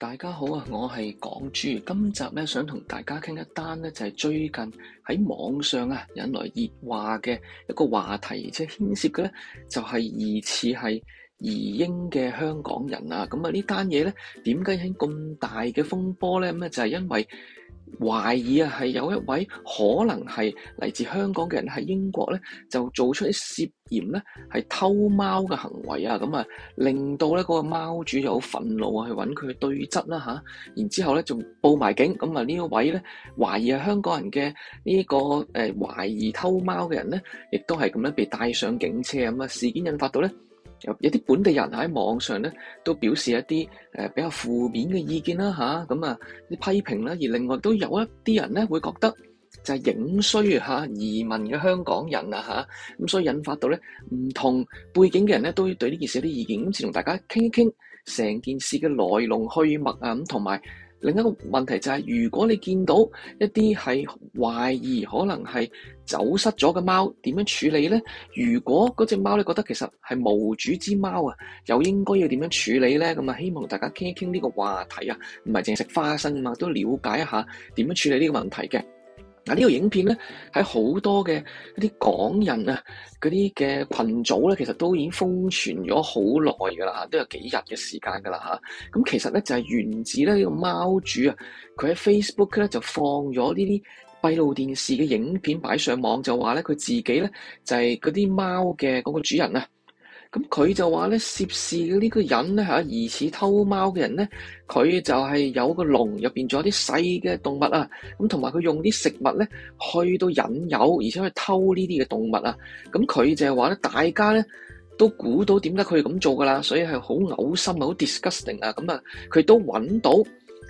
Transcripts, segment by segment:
大家好啊，我係港珠。今集咧，想同大家傾一單咧，就係最近喺網上啊引來熱話嘅一個話題，即係牽涉嘅咧就係疑似係移英嘅香港人啊。咁啊呢單嘢咧點解引起咁大嘅風波咧？咁咧就係、是、因為。懷疑啊，係有一位可能係嚟自香港嘅人喺英國咧，就做出啲涉嫌咧係偷貓嘅行為啊，咁啊令到咧嗰個貓主就好憤怒啊，去揾佢對質啦吓，然之後咧就報埋警，咁啊呢一位咧懷疑係香港人嘅呢個誒懷疑偷貓嘅人咧，亦都係咁樣被帶上警車，咁啊事件引發到咧。有有啲本地人喺網上咧都表示一啲誒比較負面嘅意見啦吓，咁啊啲批評啦，而另外都有一啲人咧會覺得就係影衰吓移民嘅香港人啊吓，咁所以引發到咧唔同背景嘅人咧都對呢件事有啲意見，咁先同大家傾一傾成件事嘅來龍去脈啊，咁同埋。另一個問題就係，如果你見到一啲係懷疑可能係走失咗嘅貓，點樣處理咧？如果嗰隻貓你覺得其實係無主之貓啊，又應該要點樣處理咧？咁啊，希望大家傾一傾呢個話題啊，唔係淨係食花生啊嘛，都了解一下點樣處理呢個問題嘅。啊！呢個影片咧，喺好多嘅嗰啲港人啊，嗰啲嘅群組咧，其實都已經瘋傳咗好耐㗎啦，都有幾日嘅時間㗎啦嚇。咁、啊、其實咧就係、係、源自咧呢、呢個貓主啊，佢喺 Facebook 咧就放咗呢啲閉路電視嘅影片擺上網，就話咧佢自己咧就係嗰啲貓嘅嗰個主人啊。咁佢就話咧涉事嘅呢個人咧嚇，疑似偷貓嘅人咧，佢就係有個籠入邊仲有啲細嘅動物啊，咁同埋佢用啲食物咧去到引誘，而且去偷呢啲嘅動物啊，咁佢就係話咧大家咧都估到點解佢要咁做噶啦，所以係好嘔心啊，好 disgusting 啊，咁啊佢都揾到。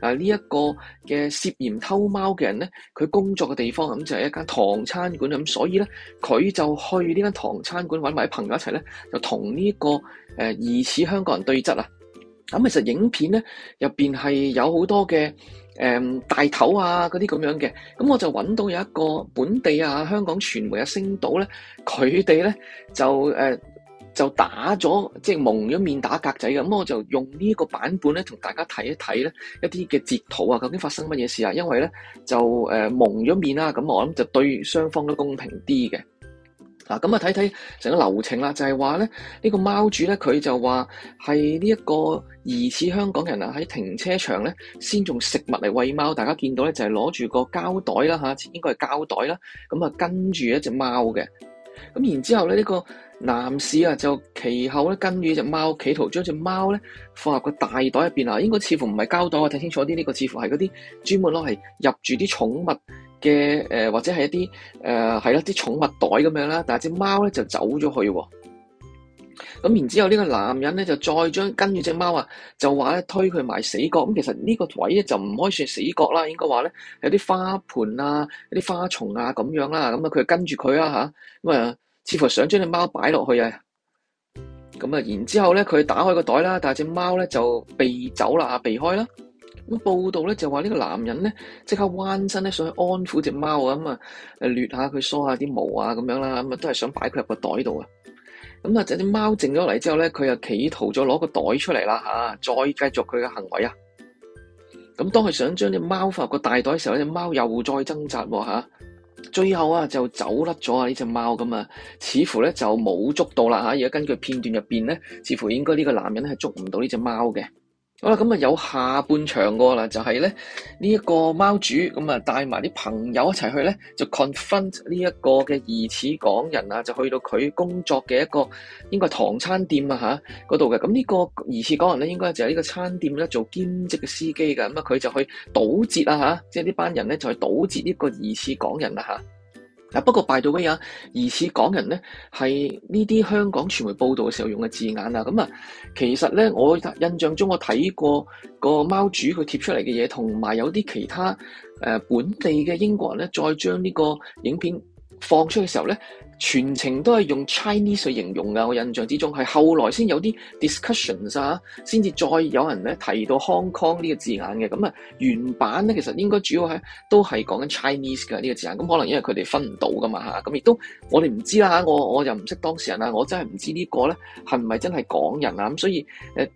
啊！呢一個嘅涉嫌偷貓嘅人咧，佢工作嘅地方咁就係一間唐餐館咁，所以咧佢就去呢間唐餐館揾埋朋友一齊咧，就同呢個誒疑似香港人對質啊。咁其實影片咧入邊係有好多嘅誒、呃、大頭啊嗰啲咁樣嘅，咁我就揾到有一個本地啊香港傳媒啊星島咧，佢哋咧就誒。呃就打咗即係蒙咗面打格仔嘅，咁我就用呢一個版本咧，同大家睇一睇咧一啲嘅截圖啊，究竟發生乜嘢事啊？因為咧就誒蒙咗面啦，咁我諗就對雙方都公平啲嘅。嗱、啊，咁啊睇睇成個流程啦，就係話咧呢、這個貓主咧佢就話係呢一個疑似香港人啊喺停車場咧先用食物嚟餵貓，大家見到咧就係攞住個膠袋啦吓，應該係膠袋啦，咁啊跟住一隻貓嘅，咁然之後咧呢、這個。男士啊，就其後咧跟住隻貓，企圖將隻貓咧放入個大袋入邊啊！應該似乎唔係膠袋，我睇清楚啲，呢個似乎係嗰啲專門攞嚟入住啲寵物嘅、呃、或者係一啲係啦，啲、呃、寵物袋咁樣啦。但係隻貓咧就走咗去喎。咁然之後呢個男人咧就再將跟住隻貓啊，就話咧推佢埋死角。咁其實呢個位就唔可以算死角啦，應該話咧有啲花盆啊、啲花叢啊咁樣啦。咁啊，佢跟住佢啊咁啊。似乎想將隻貓擺落去啊，咁啊，然之後咧，佢打開個袋啦，但係隻貓咧就避走啦，避開啦。咁報道咧就話呢個男人咧即刻彎身咧想去安撫隻貓啊，咁啊，誒，捋下佢梳下啲毛啊，咁樣啦，咁啊，都係想擺佢入個袋度啊。咁啊，就隻貓靜咗嚟之後咧，佢又企圖咗攞個袋出嚟啦，吓，再繼續佢嘅行為啊。咁當佢想將隻貓放入個大袋嘅時候，隻貓又再掙扎吓。最後啊，就走甩咗啊，呢隻貓。咁啊，似乎呢就冇捉到啦。而家根據片段入邊呢，似乎應該呢個男人係捉唔到呢隻貓嘅。好啦，咁啊有下半場喎啦，就係、是、咧呢一、這個貓主咁啊帶埋啲朋友一齊去咧，就 confront 呢一個嘅疑似港人啊，就去到佢工作嘅一個應該係唐餐店啊嚇嗰度嘅。咁呢個疑似港人咧，應該就係呢個餐店咧做兼職嘅司機㗎。咁啊佢就去堵截啊嚇，即係呢班人咧就去堵截呢個疑似港人啦嚇。不過拜到 t h 啊，疑似港人咧，係呢啲香港傳媒報道嘅時候用嘅字眼啊，咁、嗯、啊，其實咧，我印象中我睇過個貓主佢貼出嚟嘅嘢，同埋有啲其他誒、呃、本地嘅英國人咧，再將呢個影片。放出嘅時候咧，全程都係用 Chinese 去形容噶，我印象之中係後來先有啲 discussions 啊，先至再有人咧提到 Hong Kong 呢個字眼嘅，咁啊原版咧，其實應該主要係都係講緊 Chinese 嘅呢個字眼，咁可能因為佢哋分唔到噶嘛嚇，咁亦都我哋唔知啦，我我，我又唔識當事人啦，我真係唔知呢個咧係唔係真係港人啊，咁所以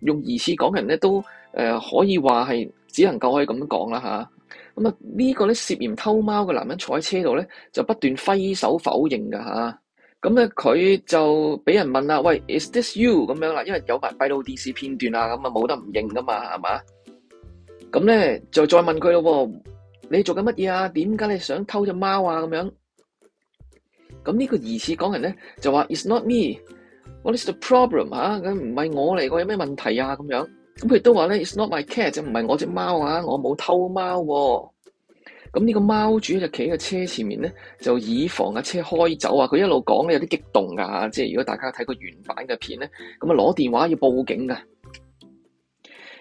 用疑似港人咧都可以話係只能夠可以咁講啦嚇。咁啊，呢個咧涉嫌偷貓嘅男人坐喺車度咧，就不斷揮手否認噶吓，咁咧佢就俾人問啦，喂，is this you？咁樣啦，因為有埋閉路電視片段啊，咁啊冇得唔認噶嘛，係嘛？咁咧就再問佢咯喎，你做緊乜嘢啊？點解你想偷隻貓啊？咁樣。咁、這、呢個疑似港人咧就話：is not me。What is the problem？吓、啊，咁唔係我嚟嘅，有咩問題啊？咁樣。咁佢亦都話咧，It's not my cat，就唔係我隻貓啊，我冇偷貓。咁呢個貓主就企喺車前面咧，就以防啊車開走啊。佢一路講咧有啲激動噶，即係如果大家睇過，原版嘅片咧，咁啊攞電話要報警噶。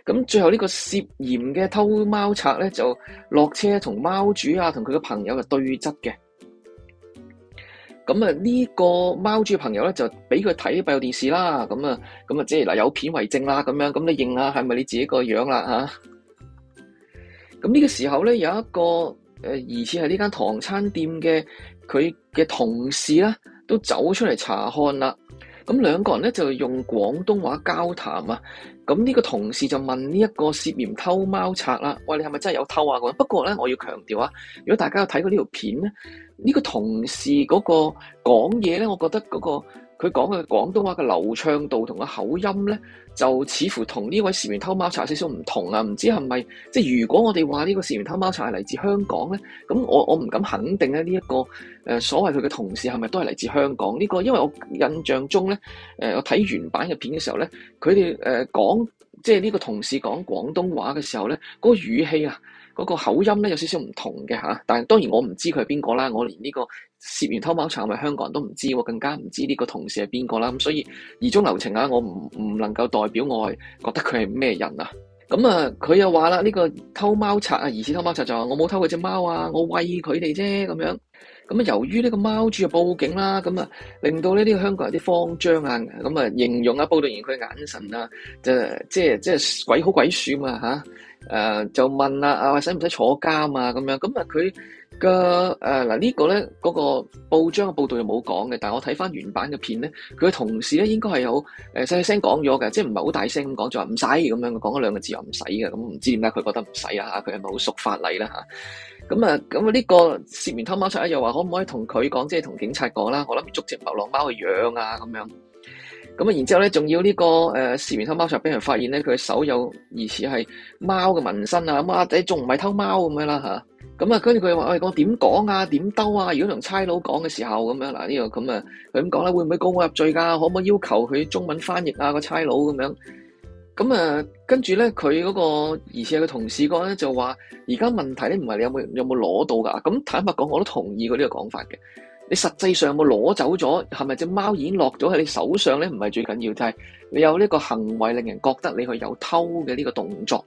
咁最後呢個涉嫌嘅偷貓賊咧就落車同貓主啊同佢嘅朋友就對質嘅。咁啊，呢個貓主朋友咧就俾佢睇閉路電視啦，咁啊，咁啊，即係嗱有片為證啦，咁樣咁你認下係咪你自己個樣啦嚇？咁 呢個時候咧有一個誒疑似係呢間唐餐店嘅佢嘅同事呢，都走出嚟查看啦，咁兩個人咧就用廣東話交談啊。咁呢個同事就問呢一個涉嫌偷貓賊啦，喂，你係咪真係有偷啊？咁不過咧，我要強調啊，如果大家有睇過呢條片咧，呢個同事嗰個講嘢咧，我覺得嗰個。佢講嘅廣東話嘅流暢度同個口音咧，就似乎同呢位視源偷貓賊有少少唔同啊！唔知係咪即係如果我哋話呢個視源偷貓賊係嚟自香港咧，咁我我唔敢肯定咧呢一個誒所謂佢嘅同事係咪都係嚟自香港呢個？因為我印象中咧，誒、呃、我睇原版嘅片嘅時候咧，佢哋誒講即係呢個同事講廣東話嘅時候咧，嗰、那個語氣啊～嗰個口音咧有少少唔同嘅吓，但係當然我唔知佢係邊個啦，我連呢個涉嫌偷貓賊係咪香港人都唔知喎，我更加唔知呢個同事係邊個啦，咁所以疑中留情啊，我唔唔能夠代表我係覺得佢係咩人啊，咁啊佢又話啦，呢個偷貓賊啊，疑似偷貓賊就話我冇偷佢隻貓啊，我餵佢哋啫咁樣。咁啊，由於呢個貓主啊報警啦，咁啊令到呢啲香港人啲慌張啊，咁啊形容啊，報道員佢眼神、就即係即係、鬼鬼啊，就即係即係鬼好鬼鼠嘛吓，誒就問啊啊使唔使坐監啊？咁樣，咁啊佢。嘅誒嗱呢個咧嗰個報章嘅報道就冇講嘅，但我睇翻原版嘅片咧，佢嘅同事咧應該係有誒細聲講咗嘅，即係唔係好大聲咁講，就話唔使咁樣佢講咗兩個字又，又唔使嘅，咁唔知點解佢覺得唔使啊？嚇，佢係咪好熟法例啦？嚇、啊，咁啊咁啊呢個涉嫌偷貓賊又話可唔可以同佢講，即係同警察講啦？我諗捉隻流浪貓去養啊咁樣。咁啊，然之後咧仲要呢、這個誒、呃、涉嫌偷貓賊俾人發現咧，佢嘅手有疑似係貓嘅紋身啊，咁、哎、啊仔仲唔係偷貓咁樣啦嚇？咁、哎、啊，跟住佢又話：我點講啊？點兜啊？如果同差佬講嘅時候咁樣，嗱呢個咁啊，佢咁講咧，會唔會告我入罪噶、啊？可唔可以要求佢中文翻譯啊個差佬咁樣？咁啊，跟住咧，佢嗰、那個而且佢同事講咧就話：而家問題咧唔係你有冇有冇攞到噶？咁坦白講，我都同意佢呢個講法嘅。你實際上有冇攞走咗？係咪隻貓已經落咗喺你手上咧？唔係最緊要，就係你有呢個行為令人覺得你去有偷嘅呢個動作，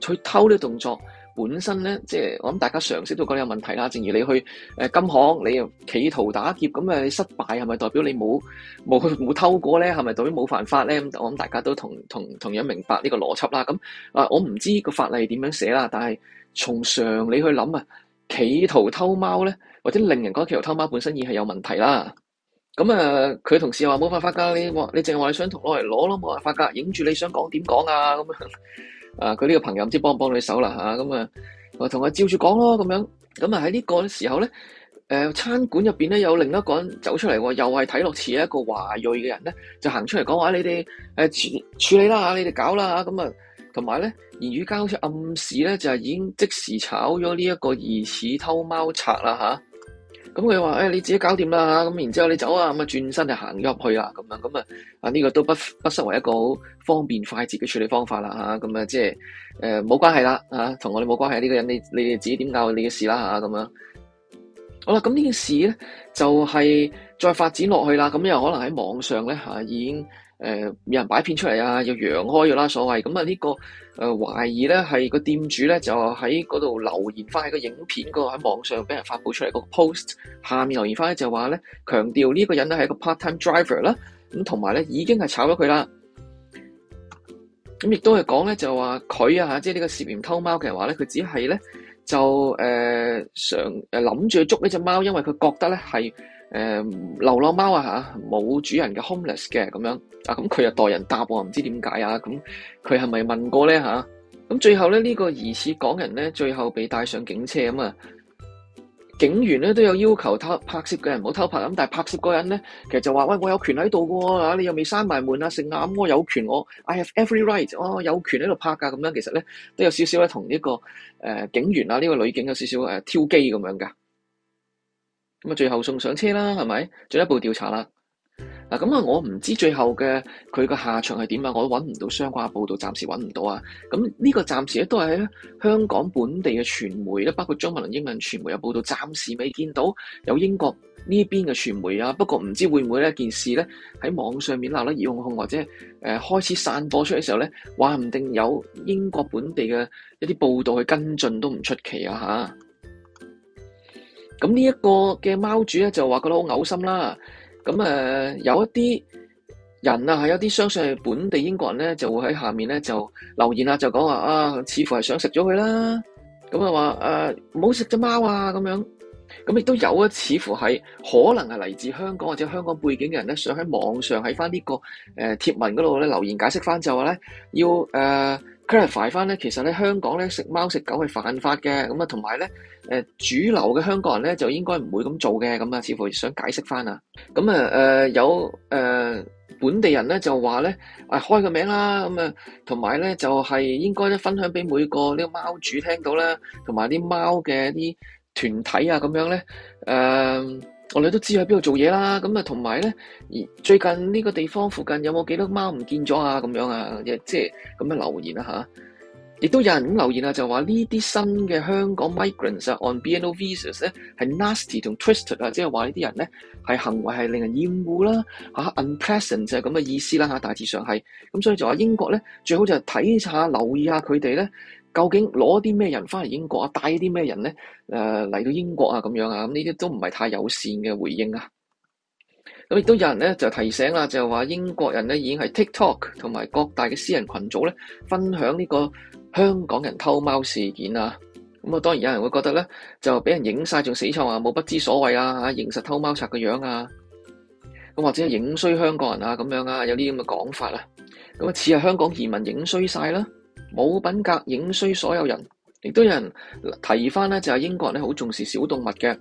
去偷呢個動作。本身咧，即係我諗大家常識都覺得有問題啦。正如你去誒金行，你又企圖打劫，咁啊，你失敗係咪代表你冇冇冇偷過咧？係咪代表冇犯法咧？我諗大家都同同同樣明白呢個邏輯啦。咁啊，我唔知個法例點樣寫啦，但係從常理去諗啊，企圖偷貓咧，或者令人覺得企圖偷貓本身已係有問題啦。咁啊，佢同事又話冇辦法㗎，你話你淨係話想同攞嚟攞咯，冇辦法㗎，影住你想講點講啊咁樣。啊！佢呢個朋友唔知幫唔幫到你手啦吓，咁啊，我同佢照住講咯，咁樣，咁啊喺呢個時候咧，誒、呃、餐館入面咧有另一個人走出嚟喎，又係睇落似一個華裔嘅人咧，就行出嚟講話你哋誒、呃、處理啦吓，你哋搞啦吓咁啊，同埋咧言語交好似暗示咧就係已經即時炒咗呢一個疑似偷貓賊啦吓。咁佢話誒，你自己搞掂啦，咁然之後你走啊，咁啊轉身就行咗入去啦，咁樣，咁啊啊呢個都不不失為一個好方便快捷嘅處理方法啦，吓咁啊即係誒冇關係啦，吓、啊、同我哋冇關係呢、呢個人，你你哋自己點搞呢嘅事啦，吓咁樣，樣。好啦，咁呢件事咧就係、是、再發展落去啦，咁又可能喺網上咧吓、啊、已經。誒、呃、有人擺片出嚟啊，又揚開嘅啦，所謂咁啊，呢個誒、呃、懷疑咧係個店主咧就喺嗰度留言翻，喺個影片度，喺網上俾人發布出嚟、個 post 下面留言翻咧就話咧，強調呢個人咧係一個 part time driver 啦、啊，咁同埋咧已經係炒咗佢啦，咁、啊、亦都係講咧就話佢啊，即係呢個涉嫌偷貓嘅人話咧，佢只係咧就誒、呃、想諗住捉呢隻貓，因為佢覺得咧係。誒、嗯，流浪貓啊吓，冇主人嘅 homeless 嘅咁樣，啊咁佢又代人答我，我唔知點解啊，咁佢係咪問過咧吓？咁、啊、最後咧呢、這個疑似港人咧，最後被帶上警車咁啊，警員咧都有要求偷拍攝嘅人唔好偷拍，咁但係拍攝嗰人咧，其實就話喂，我有權喺度噶，你又未閂埋門啊，成眼我有權我，I have every right，我、哦、有權喺度拍噶，咁樣其實咧都有少少咧同呢、這個誒、呃、警員啊呢、這個女警有少少誒、呃、挑機咁樣噶。咁啊，最後送上車啦，係咪？進一步調查啦。嗱，咁啊，我唔知最後嘅佢個下場係點啊，我都揾唔到相關嘅報道，暫時揾唔到啊。咁呢個暫時咧都係喺香港本地嘅傳媒咧，包括中文英文傳媒有報道，暫時未見到有英國呢邊嘅傳媒啊。不過唔知會唔會呢件事咧喺網上面鬧得熱烘烘，或者誒開始散播出嚟嘅時候咧，話唔定有英國本地嘅一啲報道去跟進都唔出奇啊，吓。咁呢一個嘅貓主咧就話覺得好嘔心啦，咁誒、呃、有一啲人啊係有啲相信係本地英國人咧，就會喺下面咧就留言啊，就講話啊似乎係想食咗佢啦，咁啊話誒唔好食隻貓啊咁樣，咁亦都有啊，似乎係、啊啊、可能係嚟自香港或者香港背景嘅人咧，想喺網上喺翻呢個誒、呃、貼文嗰度咧留言解釋翻就話咧要誒。呃佢 clarify 翻咧，其實咧香港咧食貓食狗係犯法嘅，咁啊同埋咧誒主流嘅香港人咧就應該唔會咁做嘅，咁啊似乎想解釋翻啊，咁啊誒有誒、呃、本地人咧就話咧啊開個名啦，咁啊同埋咧就係應該咧分享俾每個呢個貓主聽到啦，同埋啲貓嘅啲團體啊咁樣咧誒。呃我哋都知喺邊度做嘢啦，咁啊同埋咧，而最近呢個地方附近有冇幾多貓唔見咗啊？咁樣啊，即係咁樣留言啊。吓，亦都有人咁留言啊，就話呢啲新嘅香港 migrants on BNO visas 咧係 nasty 同 twisted 就是說這些是是啊，即係話呢啲人咧係行為係令人厭惡啦，吓 unpleasant 就係咁嘅意思啦吓，大致上係。咁所以就話英國咧最好就睇下留意下佢哋咧。究竟攞啲咩人翻嚟英國啊？帶啲咩人咧？誒嚟到英國啊？咁樣啊？咁呢啲都唔係太友善嘅回應啊！咁亦都有人咧就提醒啊，就話英國人咧已經係 TikTok 同埋各大嘅私人群組咧分享呢個香港人偷貓事件啊！咁啊，當然有人會覺得咧就俾人影晒，仲死臭啊！冇不知所謂啊！嚇認實偷貓賊嘅樣啊！咁或者影衰香港人啊咁樣啊，有啲咁嘅講法啊。咁啊，似係香港移民影衰晒啦、啊、～冇品格影衰所有人，亦都有人提翻咧，就係英國人咧好重視小動物嘅，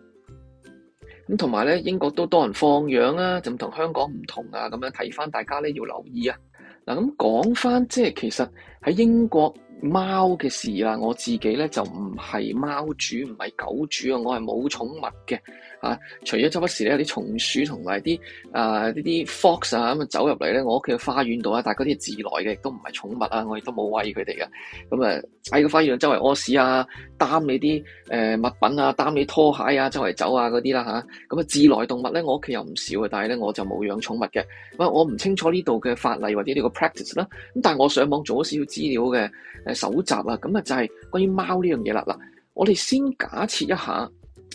咁同埋咧英國都多人放養啊，就同香港唔同啊，咁樣提翻大家咧要留意啊，嗱咁講翻即係其實喺英國。貓嘅事啦，我自己咧就唔係貓主，唔係狗主啊，我係冇寵物嘅啊。除咗周不時咧有啲松鼠同埋啲啊呢啲 fox 啊咁啊走入嚟咧，我屋企嘅花園度啊，但係嗰啲係自來嘅，亦都唔係寵物啊，我亦都冇餵佢哋嘅。咁啊喺個花園周圍屙屎啊，擔你啲誒、呃、物品啊，擔你拖鞋啊，周圍走啊嗰啲啦吓。咁啊，自來動物咧，我屋企又唔少嘅。但係咧我就冇養寵物嘅。咁、啊、我唔清楚呢度嘅法例或者呢個 practice 啦、啊。咁但係我上網做咗少少資料嘅。蒐集啊，咁啊就係關於貓呢樣嘢啦。嗱，我哋先假設一下，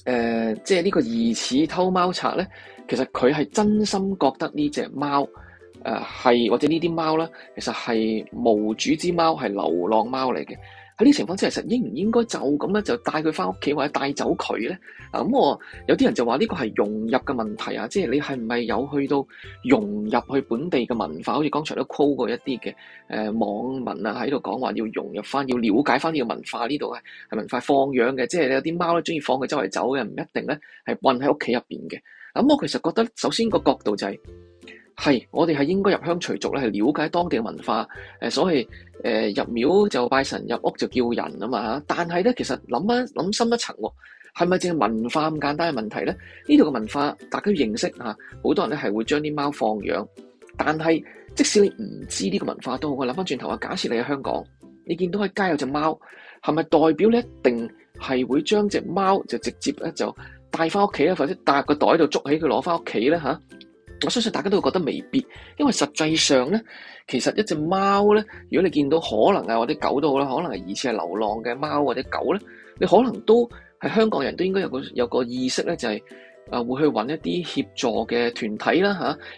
誒、呃，即係呢個疑似偷貓賊咧，其實佢係真心覺得呢隻貓，誒、呃，係或者這些呢啲貓咧，其實係無主之貓，係流浪貓嚟嘅。喺呢情況之下，其實應唔應該就咁咧就帶佢翻屋企或者帶走佢咧？啊、嗯，咁我有啲人就話呢、呢個係融入嘅問題啊，即係你係唔係有去到融入去本地嘅文化？好似剛才都 call 過一啲嘅誒網民啊，喺度講話要融入翻，要了解翻呢個文化，呢度係係文化放養嘅，即係你有啲貓咧中意放佢周圍走嘅，唔一定咧係困喺屋企入邊嘅。咁、嗯、我其實覺得首先、個角度就係、是。係，我哋係應該入鄉隨俗咧，係了解當地嘅文化。所謂入廟就拜神，入屋就叫人啊嘛吓。但係咧，其實諗一諗深一層，係咪淨係文化咁簡單嘅問題咧？呢度嘅文化，大家都認識吓。好多人咧係會將啲貓放養，但係即使你唔知呢個文化都好，我諗翻轉頭啊，假設你喺香港，你見到喺街有隻貓，係咪代表你一定係會將隻貓就直接咧就帶翻屋企，或者帶個袋度捉起佢攞翻屋企咧吓？我相信大家都覺得未必，因為實際上呢，其實一隻貓呢，如果你見到可能啊，或者狗都好啦，可能疑似係流浪嘅貓或者狗呢，你可能都係香港人都應該有個有個意識呢，就係，是，啊，呃，會去揾一啲協助嘅團體啦，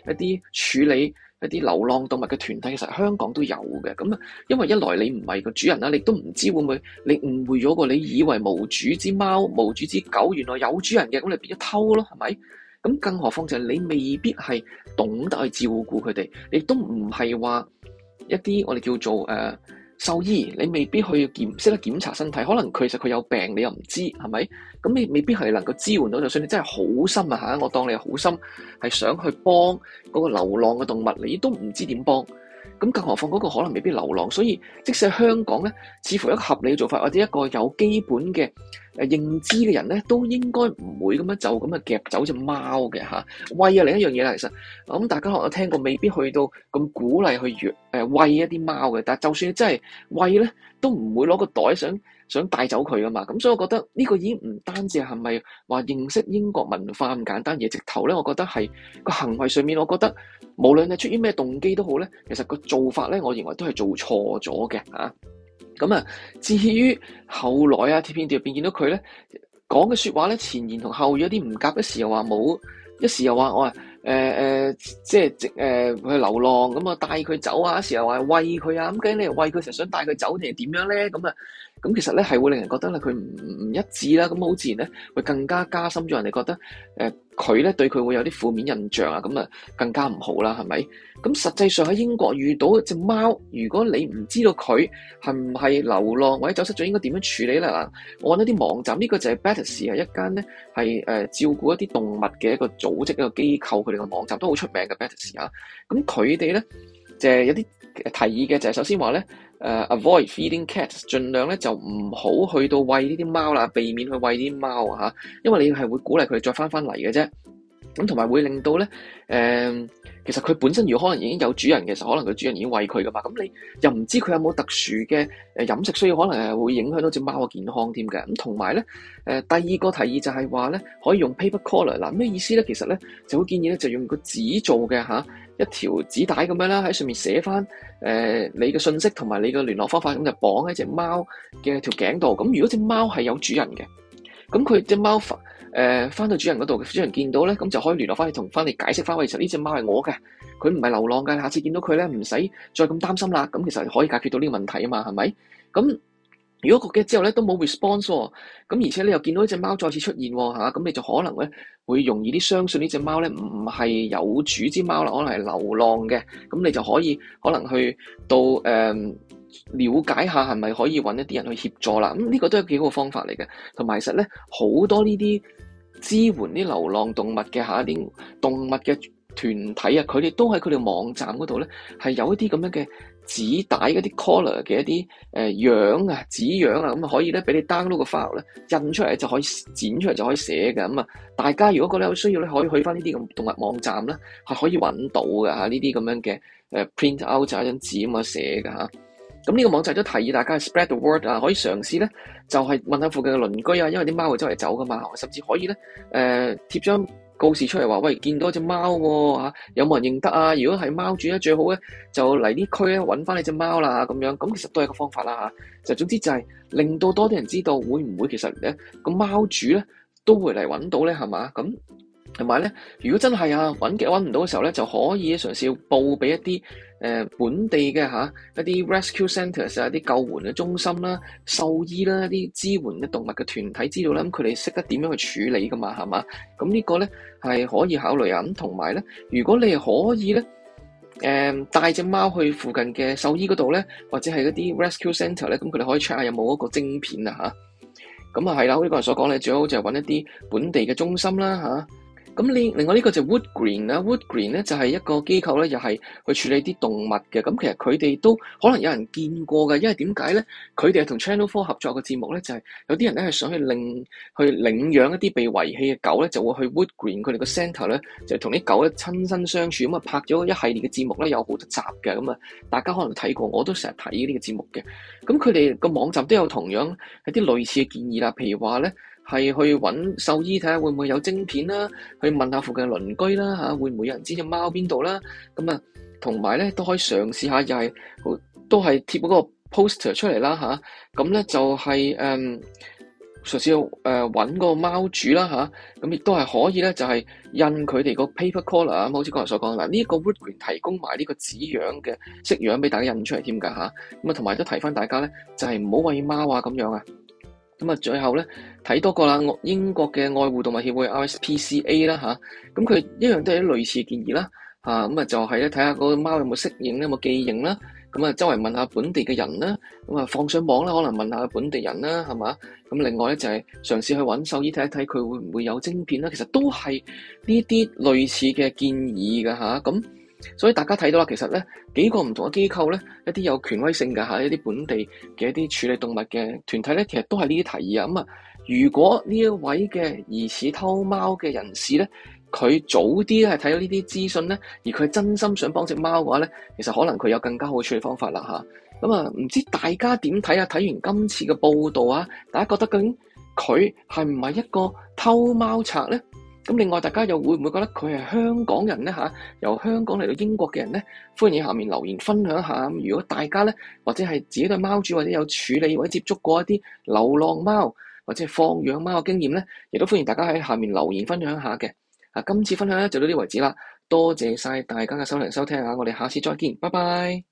吓，一啲處理一啲流浪動物嘅團體，其實香港都有嘅。咁啊，因為一來你唔係個主人啦，你都唔知會唔會你誤會咗個你以為無主之貓、無主之狗，原來有主人嘅，咁你變咗偷咯，係咪？咁更何況就係你未必係懂得去照顧佢哋，你都唔係話一啲我哋叫做誒、呃、獸醫，你未必去檢識得檢查身體，可能其實佢有病你又唔知，係咪？咁你未必係能夠支援到。就算你真係好心啊吓，我當你好心，係想去幫嗰個流浪嘅動物，你都唔知點幫。咁，更何況嗰個可能未必流浪，所以即使香港咧，似乎一個合理嘅做法，或者一個有基本嘅誒認知嘅人咧，都應該唔會咁樣就咁樣夾走隻貓嘅吓。喂啊，另一樣嘢啦，其實咁大家可能我聽過未必去到咁鼓勵去餵一啲貓嘅，但係就算真係餵咧，都唔會攞個袋想，想帶走佢啊嘛，咁所以我覺得呢個已經唔單止係咪話認識英國文化咁簡單，而直頭咧，我覺得係個行為上面，我覺得無論係出於咩動機都好咧，其實個做法咧，我認為都係做錯咗嘅嚇。咁啊，至於後來啊，條片入邊見到佢咧講嘅説話咧，前言同後語有啲唔夾，一時又話冇，一時又話我話，誒、呃、誒、呃，即係誒去流浪咁啊，我帶佢走啊，一時又話喂，佢啊，咁究竟你嚟餵佢，成想帶佢走定係點樣咧？咁啊？咁其實咧係會令人覺得咧佢唔唔一致啦，咁好自然咧，會更加加深咗人哋覺得誒佢咧對佢會有啲負面印象啊，咁啊更加唔好啦，係咪？咁實際上喺英國遇到隻貓，如果你唔知道佢係唔係流浪或者走失咗，應該點樣處理咧？嗱，我揾一啲網站，呢個就係 Battersea 啊，一間咧係誒照顧一啲動物嘅一個組織一個機構，佢哋個網站都好出名嘅 Battersea 啊。咁佢哋咧就係有啲提議嘅，就係首先話咧。誒、uh, avoid feeding cats，盡量咧就唔好去到餵呢啲貓啦，避免去餵啲貓啊嚇，因為你係會鼓勵佢再翻翻嚟嘅啫。咁同埋會令到咧誒、嗯，其實佢本身如果可能已經有主人嘅時候，可能佢主人已經餵佢噶嘛。咁你又唔知佢有冇特殊嘅誒飲食需要，所以可能誒會影響到隻貓嘅健康添嘅。咁同埋咧誒，第二個提議就係話咧，可以用 paper collar 嗱、啊、咩意思咧？其實咧就會建議咧就用個紙做嘅嚇。啊一條紙帶咁樣啦，喺上面寫翻誒、呃、你嘅信息同埋你嘅聯絡方法，咁就綁喺隻貓嘅條頸度。咁如果隻貓係有主人嘅，咁佢隻貓誒翻、呃、到主人嗰度，主人見到咧，咁就可以聯絡翻你，同翻你解釋翻，喂，其實呢隻貓係我嘅，佢唔係流浪嘅，下次見到佢咧，唔使再咁擔心啦。咁其實可以解決到呢個問題啊嘛，係咪？咁。如果焗嘅之後咧都冇 response 喎，咁而且你又見到呢隻貓再次出現喎吓，咁你就可能咧會容易啲相信呢隻貓咧唔係有主之貓啦，可能係流浪嘅，咁你就可以可能去到誒、嗯、了解下係咪可以揾一啲人去協助啦，咁呢個都係幾好方法嚟嘅，同埋其實咧好多呢啲支援啲流浪動物嘅下一點動物嘅團體啊，佢哋都喺佢哋網站嗰度咧，係有一啲咁樣嘅紙帶嗰啲 collar 嘅一啲誒、呃、樣啊，紙樣啊，咁、嗯、啊可以咧俾你 download 個 file 咧，印出嚟就可以剪出嚟就可以寫嘅咁啊。大家如果覺得有需要咧，可以去翻呢啲咁動物網站啦，係可以揾到嘅嚇呢啲咁樣嘅誒 print out 就一張紙咁啊寫嘅嚇。咁、嗯、呢、這個網站都提議大家 spread the word 啊，可以嘗試咧就係、是、問下附近嘅鄰居啊，因為啲貓會周圍走噶嘛、啊，甚至可以咧誒貼張。呃告示出嚟話喂，見到隻貓吓，有冇人認得啊？如果係貓主咧最好咧，就嚟呢區咧揾翻你隻貓啦咁樣，咁其實都係個方法啦吓。就總之就係、是、令到多啲人知道，會唔會其實咧個貓主咧都會嚟揾到咧係嘛？咁。同埋咧，如果真係啊揾極揾唔到嘅時候咧，就可以嘗試要報俾一啲誒、呃、本地嘅嚇一啲 rescue centres 啊，啲救援嘅中心啦、啊、獸醫啦、一啲支援嘅動物嘅團體知道啦，咁佢哋識得點樣去處理噶嘛，係嘛？咁呢個咧係可以考慮啊。咁同埋咧，如果你係可以咧，誒、啊、帶隻貓去附近嘅獸醫嗰度咧，或者係嗰啲 rescue centre e、啊、咧，咁佢哋可以 check 下有冇一個晶片啊吓，咁啊係啦，好似人所講咧，最好就揾一啲本地嘅中心啦吓。啊咁另外呢個就 Wood Green, Wood Green 啦，Wood Green 咧就係一個機構咧，又係去處理啲動物嘅。咁其實佢哋都可能有人見過嘅，因為點解咧？佢哋係同 Channel Four 合作嘅節目咧，就係、是、有啲人咧係想去領去領養一啲被遺棄嘅狗咧，就會去 Wood Green 佢哋個 centre 咧，就同啲狗咧親身相處。咁啊拍咗一系列嘅節目咧，有好多集嘅。咁啊，大家可能睇過，我都成日睇呢個節目嘅。咁佢哋個網站都有同樣係啲類似嘅建議啦，譬如話咧。係去揾獸醫睇下會唔會有晶片啦，去問下附近的鄰居啦嚇，會唔會有人知隻貓邊度啦？咁啊，同埋咧都可以嘗試一下，又係都係貼嗰個 poster 出嚟啦吓，咁、啊、咧就係、是、誒、嗯、嘗試誒揾、呃、個貓主啦吓，咁、啊、亦都係可以咧，就係、是、印佢哋個 paper collar 啊，好似剛才所講嗱，呢個 Wood Green 提供埋呢個紙樣嘅色樣俾大家印出嚟添㗎吓，咁啊，同埋都提翻大家咧，就係唔好餵貓啊咁樣啊。咁啊，最後咧睇多個啦，我英國嘅愛護動物協會 RSPCA 啦吓，咁佢一樣都係啲類似的建議啦吓，咁啊就係咧睇下個貓有冇適應咧，有冇記認啦，咁啊周圍問下本地嘅人啦，咁啊放上網啦，可能問下本地人啦，係嘛？咁另外咧就係、是、嘗試去揾獸醫睇一睇佢會唔會有晶片啦，其實都係呢啲類似嘅建議嘅吓，咁。所以大家睇到啦，其實咧幾個唔同嘅機構咧，一啲有權威性嘅嚇，一啲本地嘅一啲處理動物嘅團體咧，其實都係呢啲提議啊。咁、嗯、啊，如果呢一位嘅疑似偷貓嘅人士咧，佢早啲咧係睇到呢啲資訊咧，而佢真心想幫隻貓嘅話咧，其實可能佢有更加好嘅處理方法啦吓，咁、嗯、啊，唔知大家點睇啊？睇完今次嘅報道啊，大家覺得究竟佢係唔係一個偷貓賊咧？咁另外，大家又會唔會覺得佢係香港人呢？吓，由香港嚟到英國嘅人呢？歡迎下面留言分享下。如果大家呢，或者係自己都係貓主，或者有處理或者接觸過一啲流浪貓或者放養貓嘅經驗呢，亦都歡迎大家喺下面留言分享下嘅。啊，今次分享就到呢度為止啦，多謝晒大家嘅收聽收聽啊，我哋下次再見，拜拜。